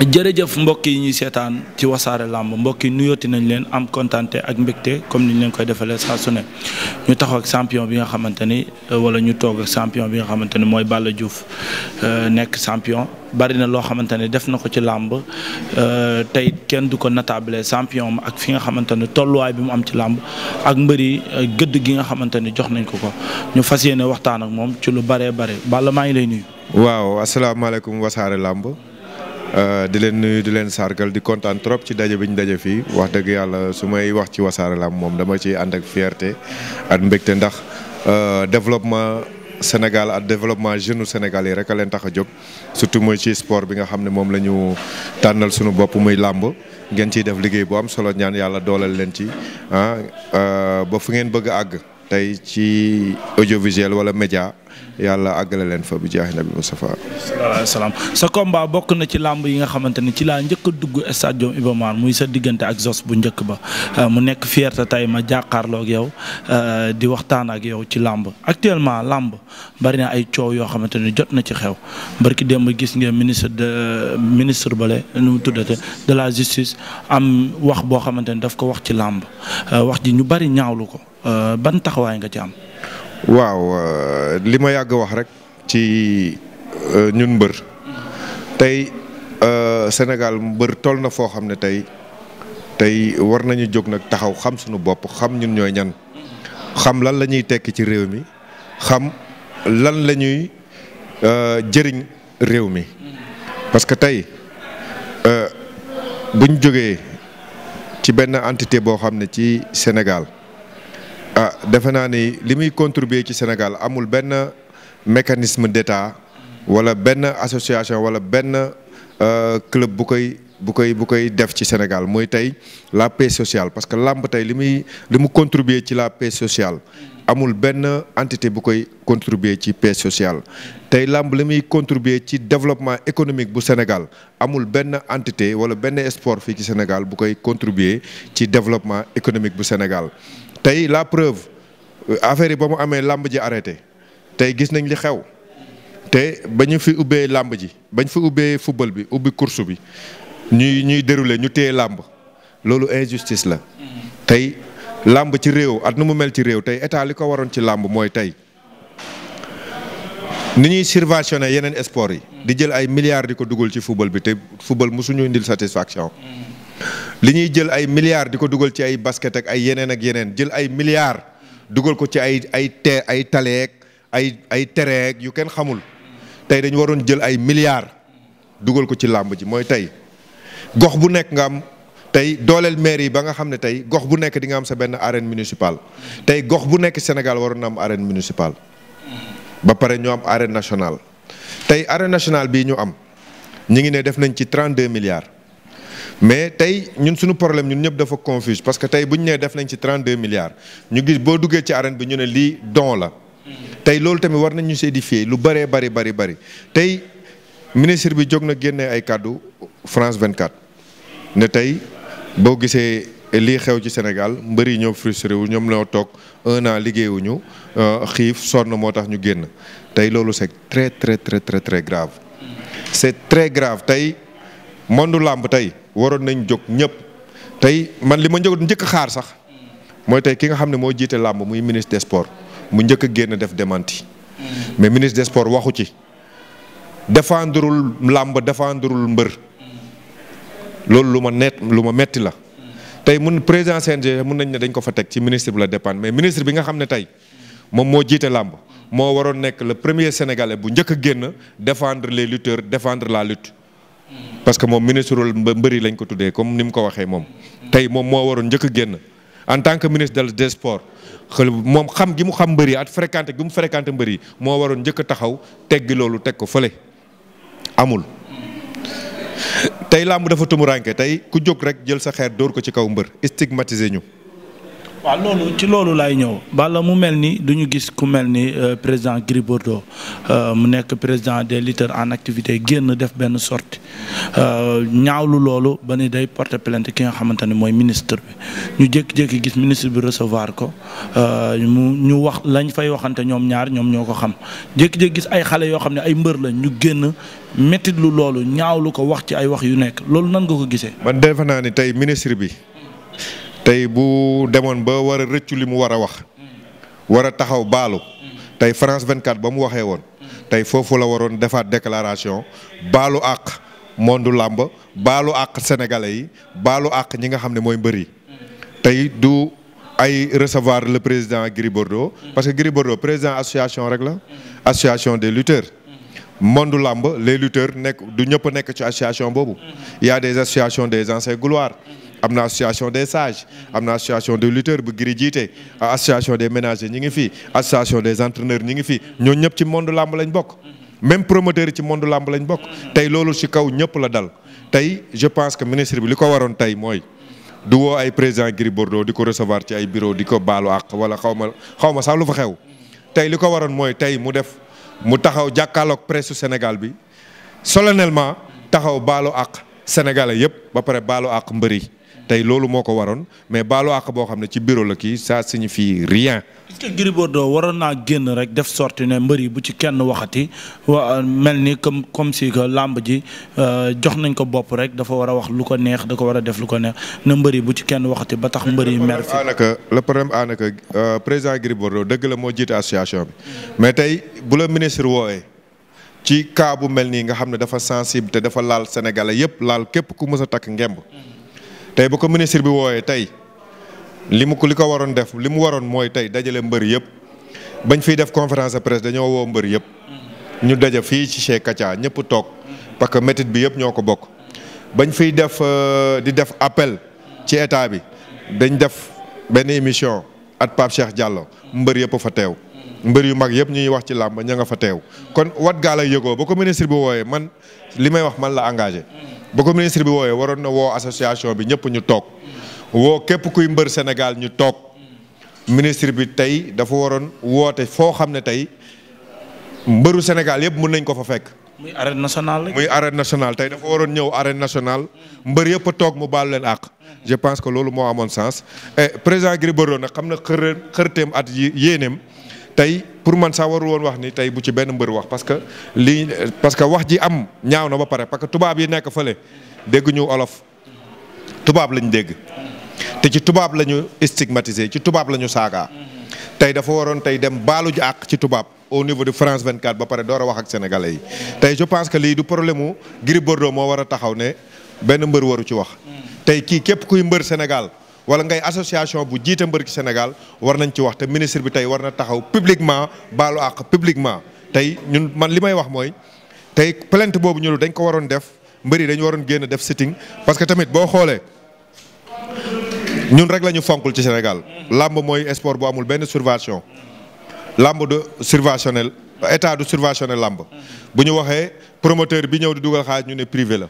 jërëjëf mbokk yi ñuy seetaan ci wasaare làmb mbokk yi nuyooti nañ leen am kontante ak mbégte comme ni ñu leen koy defalee saa su ñu taxaw ak champion bi nga xamante ni wala ñu toog ak champion bi nga xamante ni mooy Balla Diouf euh, nekk champion bari na loo xamante ne def na ko ci làmb euh, tey kenn du ko natable sampion ak fi nga xamante ne tolluwaay bi mu am ci làmb ak mbëri euh, gëdd gi nga xamante ni jox nañ ko ko ñu fas yéene waxtaan ak moom ci lu baree bare Balla maa ngi lay nuyu. waaw asalaamaaleykum wasaare làmb. Euh, di leen nuyu di leen sargal di kontaan trop ci daje bi ñu daje fii wax dëgg yàlla su may wax ci wasaare lam moom dama ci ànd ak fierté ak mbégte ndax euh, développement Sénégal ak développement jeune Sénégal yi rek a leen tax a jóg surtout mooy ci sport bi nga xam ne moom la ñu tànnal sunu bopp muy làmb ngeen ciy def liggéey bu am solo ñaan yàlla dooleel leen ci ah euh, ba fu ngeen bëgg a àgg. tey ci audiovisuel wala média yàlla àggale leen fa bi jaaxi nabi Moustapha. salaam sa combat bokk na ci làmb yi nga xamante ni ci laa njëkk a dugg stade Iba Mar muy sa diggante ak Zos bu njëkk ba euh, mu nekk fierté tey ma jàkkaarloo ak yow euh, di waxtaan ak yow ci làmb actuellement làmb bari na ay coow yoo xamante ni jot na ci xew barki démb gis ngeen ministre de ministre bale nu mu tuddate de la justice am wax boo xamante ni daf ko wax ci làmb euh, wax ji ñu bari ñaawlu ko. Euh, ban taxawaay nga ci am. waaw euh, li ma yàgg wax rek ci euh, ñun mbër tey Sénégal mbër toll na foo xam ne tey tey war nañu jóg nag taxaw xam suñu bopp xam ñun ñooy ñan xam lan la ñuy tekki ci réew mi xam lan lañuy ñuy jëriñ réew mi parce que tey buñ jógee ci benn entité boo xam ne ci Sénégal. ah defe naa ni li muy contribuer ci Sénégal amul benn mécanisme d'État wala benn association wala benn euh, club bu koy bu koy bu koy def ci Sénégal mooy tey la paix sociale parce que làmb tey li muy li mu contribuer ci la paix social amul benn entité bu koy contribuer ci paix sociale tey làmb li muy contribuer ci développement économique bu Sénégal amul benn entité wala benn sport fii ci Sénégal bu koy contribuer ci développement économique bu Sénégal tey la preuve euh, affaire yi ba mu amee làmb ji arrêté tey gis nañ li xew te ba ñu fi ubbee làmb ji bañ fi ubbee football bi ubbi course bi ñuy ñuy ñu téye làmb loolu injustice la. tey làmb ci réew at nu mu mel ci réew tey état li ko waroon ci làmb mooy tey ni ñuy subventionné yeneen sport yi. di jël ay milliards di ko dugal ci football bi te football mosuñu indil satisfaction. li ñuy jël ay milliards di ko dugal ci ay basket ak ay yeneen ak yeneen jël ay milliards dugal ko ci ay ay te ay taleeg ay ay tereeg yu kenn xamul tey dañu waroon jël ay milliards dugal ko ci làmb ji mooy tey gox bu nekk nga am tey dooleel maire yi ba nga xam ne tey gox bu nekk di nga am sa benn arène municipale tey gox bu nekk Sénégal waroon na am arène municipale ba pare ñu am arène nationale tey arène nationale bii ñu am ñu ngi ne def nañ ci 32 milliards mais tey ñun suñu problème ñun ñëpp dafa confuse parce que tey bu ñu nee def nañ ci milliards ñu gis boo duggee ci arène bi ñu ne lii don la. tey loolu tamit war nañ ñu édifier lu bëree bari bari bari tey ministre bi jóg na génne ay kàddu France 24 ne tey boo gisee lii xew ci Sénégal mbëri yi ñoo frustré wu ñoom ñoo toog un an liggéeyuñu euh, xiif sonn moo tax ñu génn tey loolu c'est très très très très très grave. c'est très grave tey monde làmb tey. waroon nañ jóg ñëpp tey man li ma njëkk njëkk xaar sax mooy tey ki nga xam ne moo jiite làmb muy ministre des sports mu njëkk génn def démenti. mais ministre des waxu ci défendrul làmb défendrul mbër loolu lu ma net lu ma metti la. tey mun président CNG mun nañ ne dañ ko fa teg ci ministre bi la dépendre mais bi nga xam ne tey moom moo jiite làmb moo waroon nekk le premier sénégalais bu njëkk génn défendre les lutteurs défendre la lutte. parce que moom ministrul mbëri lañ ko tuddee comme ni mu ko waxee moom. tey moom moo waroon njëkk a génn en tant que ministre des sports xel moom xam gi mu xam mbëri at fréquenté gi mu fréquenté mbëri moo waroon njëkk taxaw teggi loolu teg ko fële amul. tey làmb dafa tumuranke tey ku jóg rek jël sa xeer dóor ko ci kaw mbër stigmatiser ñu. waaw loolu ci loolu laay ñëw Balla mu mel ni du ñu gis ku mel ni euh, président Gris Bordeaux euh, mu nekk président des lutteurs en activité génn def benn sortie euh, ñaawlu loolu ba ni day porter plainte ki nga xamante ne mooy ministre bi ñu jékki-jékki gis ministre bi recevoir ko mu ñu wax lañ fay waxante ñoom ñaar ñoom ñoo ko xam jékki-jékki gis ay xale yoo xam ne ay mbër lañ ñu génn méttit lu loolu ñaawlu ko wax ci ay wax yu nekk loolu nan nga ko gisee. man defe naa ni tey ministre bi. tey bu demoon ba war a rëccu li mu war a wax war a taxaw baalu tey France 24 ba mu waxee woon tey foofu la waroon defaat déclaration baalu àq mondu làmb baalu àq sénégalais yi baalu àq ñi nga xam ne mooy mbër yi tey du ay recevoir le président Gris Bordeaux parce que Gris Bordeaux président association rek la association des lutteurs mondu làmb les lutteurs nekk du ñëpp nekk ci association boobu y des associations des anciennes gloires am na association des sages am na association des lutteurs bu giri jiite association des ménagers ñi ngi fi association des entraîneurs ñi ngi fi ñoo ñëpp ci monde làmb lañ bokk même promoteur ci monde làmb lañ bokk tey loolu ci kaw ñëpp la dal tey je pense que ministre bi li ko waroon tey mooy du woo ay président Gris Bordeaux di ko recevoir ci ay bureau di ko baalu àq wala xaw ma xaw ma sax lu fa xew tey li ko waroon mooy tey mu def mu taxaw jàkkaarloog presse Sénégal bi solennellement taxaw baalu àq sénégalais yëpp ba pare baalu àq mbëri tey loolu moo ko waroon mais baalu àq boo xam ne ci bureau la kii ça signifie rien. est waroon naa génn rek def sorti ne mbër yi bu ci kenn waxati wa mel ni comme comme si que làmb ji euh, jox nañ ko bopp rek dafa war a wax lu ko neex da ko war a def lu ko neex na mbër yi bu ci kenn waxati ba tax mbër yi mer fi le problème anaka euh, président Gris Bordeaux dëgg la moo jiite association bi mais tey bu la ministre woowee ci cas bu mel nii nga xam ne dafa sensible te dafa laal sénégalais yëpp laal képp ku mës a takk ngemb tey bu ko ministre bi wooyee tey li mu ko li ko waroon def li mu waroon mooy tey dajale mbër yëpp bañ fiy def conférence de presse dañoo woo mbër yëpp. ñu daja fii ci Cheikh Kacha ñëpp toog parce que métit bi yëpp ñoo ko bokk bañ fiy def euh, di def appel ci état bi dañ def benn émission at Pape Cheikh Diallo mbër yëpp fa teew. mbër yu mag yëpp ñuy wax ci làmb ña nga fa teew kon wat gaal ak yëgoo ba ko ministre bi wooyee man li may wax man la engagé. boo ko ministre bi wooyee waroon na woo association bi ñëpp ñu toog woo képp kuy mbër Sénégal ñu toog ministre bi tey dafa waroon woote foo xam ne tey mbëru Sénégal yëpp mun nañ ko fa fekk. muy arène nationale muy arène nationale tey dafa waroon ñëw arène nationale mbër yëpp a toog mu baal leen àq. je pense que loolu moo amoon sens et président Gris Bordeaux xam na xër xërteem at yéeneem tey pour man saa waru woon wax ni tey bu ci benn mbër wax parce que lii parce que wax ji am ñaaw na ba pare parce que tubaab yi nekk fële dégg ñu olof tubaab lañ dégg te ci tubaab lañu ñu ci tubaab la ñu saagaa tey dafa waroon tey dem baalu ji àq ci tubaab au niveau de France 24 ba pare door a wax ak sénégalais yi tey je pense que lii du problème mu Gris Bordeaux moo war a taxaw ne benn mbër waru ci wax tey kii képp kuy mbër Sénégal wala ngay association bu jiite mbër ci Sénégal war nañ ci wax te ministre bi tey war na taxaw publiquement baalu àq publiquement tey ñun man li may wax mooy tey plainte boobu ñu dañ ko waroon def mbër yi dañu waroon génn def sitting parce que tamit boo xoolee ñun rek la ñu ci Sénégal làmb mooy sport bu amul benn survention làmb de surventionnel état du surventionnel làmb bu ñu waxee promoteur bi ñëw di dugal xaalis ñu ne privé la.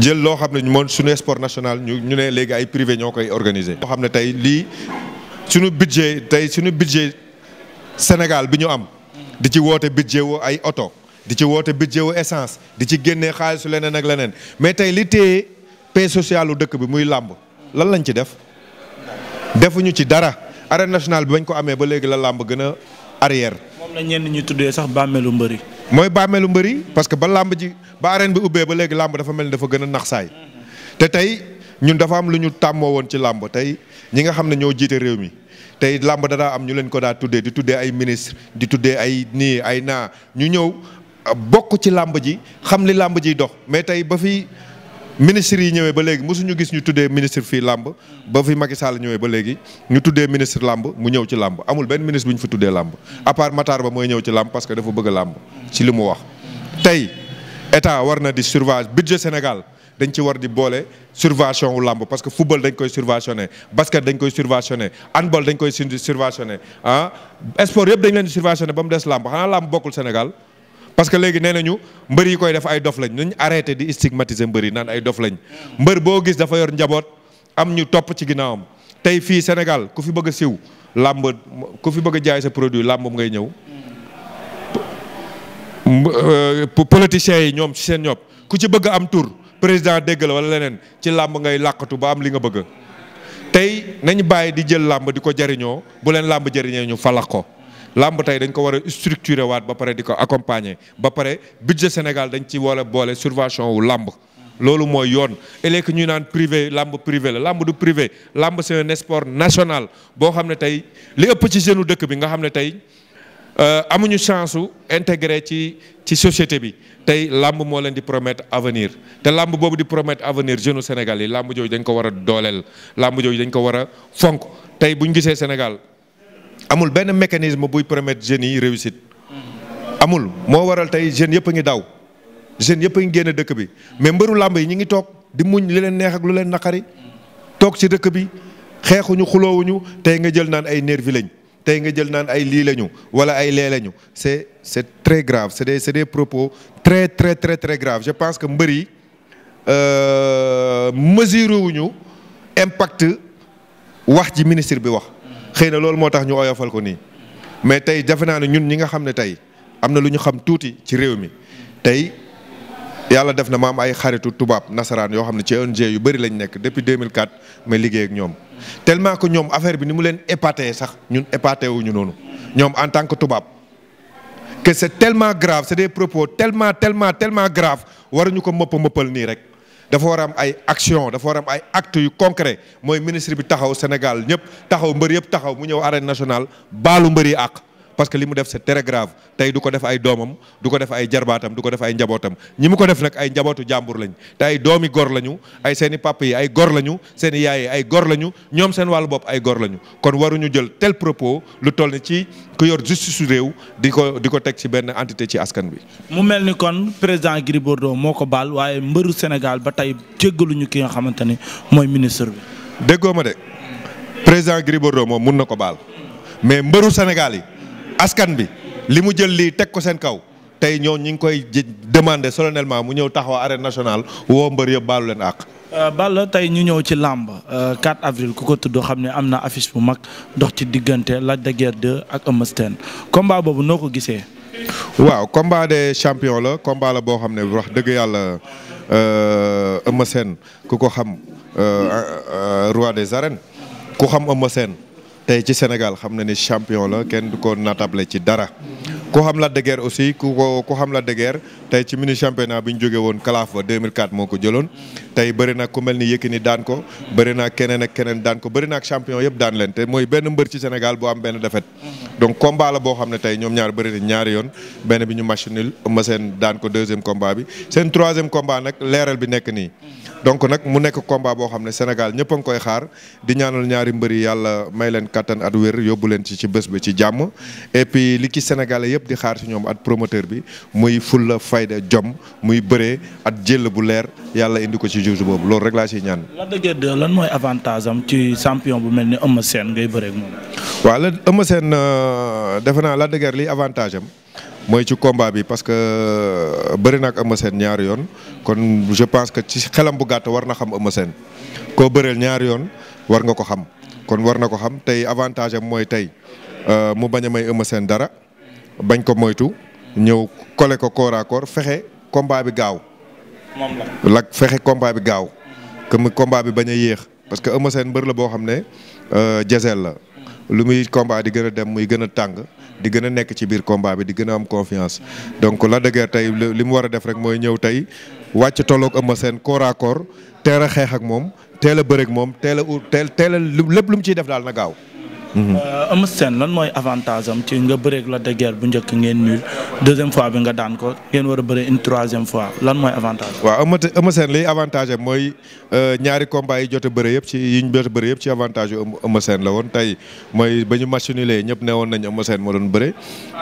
jël loo xam ne moom suñu sport national ñu ñu ne léegi ay privé ñoo koy organiser. loo xam ne tey lii suñu budget tey suñu budget Sénégal bi ñu am. di ci woote budget wu ay oto di ci woote budget wu essence di ci génne xaalisu leneen ak leneen mais tey li téye paix socialu dëkk bi muy làmb lan lañ ci def defuñu ci dara arène nationale bi bañ ko amee ba léegi la làmb gën a arrière. moom la ñenn ñi tuddee sax bàmmeelu mbëri. mooy bàmmeelu mbëri parce que ba làmb ji ba arène bi ubbee ba léegi làmb dafa mel ni dafa gën a nax saay te tey ñun dafa am lu ñu tàmmoo woon ci làmb tey ñi nga xam ne ñoo jiite réew mi tey làmb dadaa am ñu leen ko daa tuddee di tuddee ay ministre di tuddee ay nii ay naa ñu ñëw bokk ci làmb ji xam li làmb jiy dox mais tey ba fi ministre yi ñëwee ba léegi ñu gis ñu tuddee ministre fii làmb ba fi Macky Sall ñëwee ba léegi ñu tuddee ministre làmb mu ñëw ci làmb amul benn ministre bu ñu fi tuddee làmb à part Matar ba mooy ñëw ci làmb parce que dafa bëgg làmb ci li mu wax tey état war na di surveiller budget Sénégal dañ ci war di boole survation wu làmb parce que football dañ koy survationné basket dañ koy survationné handball dañ koy survationné ah sport yëpp dañ leen di ba mu des làmb xanaa làmb bokkul Sénégal parce que léegi nee nañu mbër yi koy def ay dof lañ nañ arrêté di stigmatiser mbër yi naan ay dof lañ mbër boo gis dafa yor njaboot am ñu topp ci ginnaawam tey fii Sénégal ku fi bëgg a siw làmb ku fi bëgg a jaay sa produit làmb ngay ñëw euh, politiciens yi ñoom ci seen yopp ku ci bëgg am tur président dégg la wala leneen ci làmb ngay làqatu ba am li nga bëgg tey nañ bàyyi di jël làmb di ko jariñoo bu leen làmb jariñee ñu falax ko làmb tey dañ ko war a structurer waat ba pare di ko accompagner ba pare budget Sénégal dañ ci war boole subvention wu làmb loolu mooy yoon ëllëg ñuy naan privé làmb privé la làmb du privé làmb c'est un sport national boo xam ne tey li ëpp ci genu dëkk bi nga xam ne tey euh, amuñu chance su intégré ci ci société bi tey làmb moo leen di promettre avenir te làmb boobu di promettre avenir jeune Sénégal yi làmb jooju dañ ko war a dooleel làmb jooju dañ ko war a fonk tey bu ñu gisee Sénégal. amul benn mécanisme buy permettre jeunes yi réussite. amul moo waral tey jeunes yëpp a ngi daw jeunes yëpp a ngi génn dëkk bi mais mbëru làmb yi ñu ngi toog di muñ li leen neex ak lu leen naqari. toog ci dëkk bi xeexuñu xuloowuñu tey nga jël naan ay nervi lañ tey nga jël naan ay lii lañu wala ay lee lañu c'est c'est très grave c'est des c'est des propos très très très très grave je pense que mbër yi euh, mesuré wuñu impact wax ji ministre bi wax. xëy na loolu moo tax ñu oyofal ko nii mais tey jafe naa ne ñun ñi nga xam ne tey am na lu ñu xam tuuti ci réew mi tey yàlla def na ma am ay xaritu tubaab nasaraan yoo xam ne ci ONG yu bëri lañ nekk depuis deux mille 2004 may liggéey ak ñoom tellement que ñoom affaire bi ni mu leen épaté sax ñun épaté wuñu noonu ñoom en tant que tubaab que c'est tellement grave c'est des propos tellement tellement tellement grave waruñu ko mëpp mëppal nii rek dafa war am ay action dafa war am ay actes yu concret mooy ministre bi taxaw Sénégal ñëpp taxaw mbër yëpp taxaw mu ñëw arène nationale baalu mbër yi àq parce que li mu def c'est très tey du ko def ay doomam du ko def ay jarbaatam du ko def ay njabootam ñi mu ko def nag ay njabootu jàmbur lañ te ay doomi gor lañu ay seeni i papa yi ay gor lañu seen i yaay yi ay gor lañu ñoom seen wàllu bopp ay gor lañu kon waruñu jël tel propos lu toll ni ci ku yor justice su réew di ko di ko teg ci benn entité ci askan bi. mu mel ni kon président Gris Bordeaux moo ko baal waaye mbëru Sénégal ba tey jéggaluñu ki nga xamante ni mooy ministre bi. déggoo ma de président Gris Bordeaux moom mun na ko baal mais mbëru Sénégal yi askan bi li mu jël lii teg ko seen kaw tey ñoo ñu ngi koy demander solennellement mu ñëw taxaw arène nationale woo mbër yëpp baalu leen àq. Euh, Balla tey ñu ñëw ci làmb 4 euh, avril ku ko tudd xam ne am na affiche bu mag ndox ci diggante Lac de ak Eumeu Sène combat boobu noo ko gisee. waaw combat des champions la combat la boo xam ne wax dëgg yàlla euh, Eumeu Sène ku ko xam roi des arènes ku xam Eumeu Sène tey ci Sénégal xam na ni champion la kenn du ko natable ci dara. ku xam Lac de Guiers aussi ku ko xam Lac de Guiers tey ci mini championnat bi ñu jógee woon CLAF ba 2004 moo ko jëloon tey bëri na ku mel ni ni daan ko bëri na keneen ak keneen daan ko bëri na ak champion yëpp daan leen te mooy benn mbër ci Sénégal bu am benn défaite. donc combat boo xam ne tey ñoom ñaar bëri na ñaari yoon benn bi ñu match nul ma seen daan ko deuxième combat bi seen troisième combat nag leeral bi nekk nii. donc nag mu nekk combat boo xam ne Sénégal ñëpp a ngi koy xaar di ñaanal ñaari mbër yi yàlla may leen kattan at wér yóbbu leen ci ci bés bi ci jàmm et li ki sénégale yëpp di xaar ci ñoom at promoteur bi muy fulla fayda jom muy bëree at jël bu leer yàlla indi ko ci jour boobu loolu rek laa si ñaan. Lac de lan mooy avantage am ci champion bu mel ni Eumeu Sène ngay bëree ak moom. waaw la Eumeu Sène euh, defe naa Lac de Guiers liy avantage am. mooy ci combat bi parce que euh, bëri nag Eumeu ñaari yoon kon je pense que ci xelam bu gàtt war na xam Eumeu Sène koo bëreel ñaari yoon war nga ko xam kon war na ko xam tey avantage mooy tey euh, mu bañ a may Eumeu dara bañ ko moytu ñëw kole ko corps à fexe combat bi gaaw. moom fexe combat bi gaaw. que mu bi bañ a yéex parce que Eumeu Sène mbër boo xam ne diesel euh, la lu muy combat di gën dem muy gën a tàng. di gën a nekk ci biir combat bi di gën a am confiance donc la de tey li mu war a def rek mooy ñëw tey wàcc tolloog Eumeu Sène corps à corps teel a xeex ak moom teel a bëre moom teel a teel teel a lépp lu mu ciy def daal na gaaw Euh, Eumeu Sène lan mooy avantage am ci nga bëreeg Lac de bu njëkk ngeen nul deuxième fois bi nga daan ko ngeen war a bëre une troisième fois lan mooy avantage waaw Eumeu Sène liy avantage am mooy euh, ñaari combat yi jot yëpp ci yi ñu yëpp ci avantage yu Eumeu la woon tey mooy ba ñu match ñëpp ne woon nañ Eumeu Sène moo doon bëre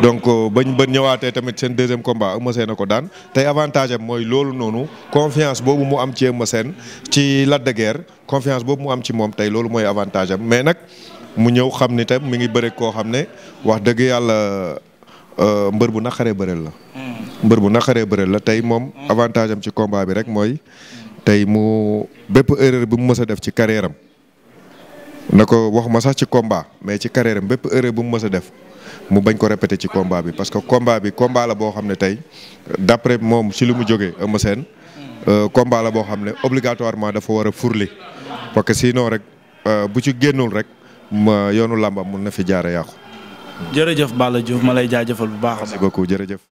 donc euh, bañ ba ñëwaatee tamit seen deuxième combat Eumeu Sène ko daan tey avantage am mooy loolu noonu confiance boobu mu am ci Eumeu Sène ci Lac de Guiers confiance boobu mu am ci moom tey loolu mooy avantage mais nag mu ñëw xam ni tam mu ngi bëre koo xam ne wax dëgg yàlla euh, mbër bu naqaree bëreel la. Hmm. mbër bu naqaree bëreel la tey moom hmm. avantage am ci combat bi rek mooy tey mu bépp erreur bu mu mës a def ci carrière na ko wax ma sax ci combat mais ci carrière bépp erreur bu mu mës a def mu bañ ko répété ci combat bi parce que combat bi combat boo xam ne tey d'après moom si lu mu jógee Eumeu Sène hmm. euh, combat boo xam ne obligatoirement dafa war a furli parce que sinon rek euh, bu ci génnul rek. yoonu làmba mun na fi jaar yàqu. jërëjëf Balla Diouf ma lay jaajëfal bu baax. merci ko jërëjëf.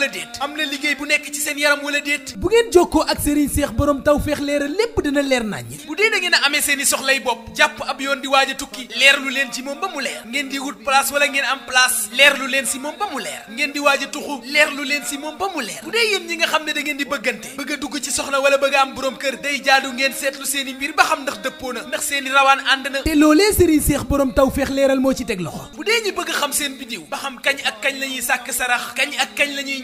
wala am na liggéey bu nekk ci seen yaram wala déet bu ngeen jokkoo ak Serigne Seex borom tawfeex leeral lépp dina leer naññ bu dee da ngeen a amee seen i soxlay bopp jàpp ab yoon di waaj a tukki leer leen ci moom ba mu leer ngeen di wut place wala ngeen am place leer lu leen si moom ba mu leer ngeen di waaj tuxu leer lu leen si moom ba mu leer bu dee yéen ñi nga xam ne da ngeen di bëggante bëgg a dugg ci soxna wala bëgg a am borom kër day jaadu ngeen seen i mbir ba xam ndax dëppoo ndax seen i ànd na te loolee Serigne Seex borom tawfeex leeral moo ci teg loxo dee bëgg xam seen bidiw ba xam kañ ak kañ la ñuy sàkk sarax kañ ak kañ la ñuy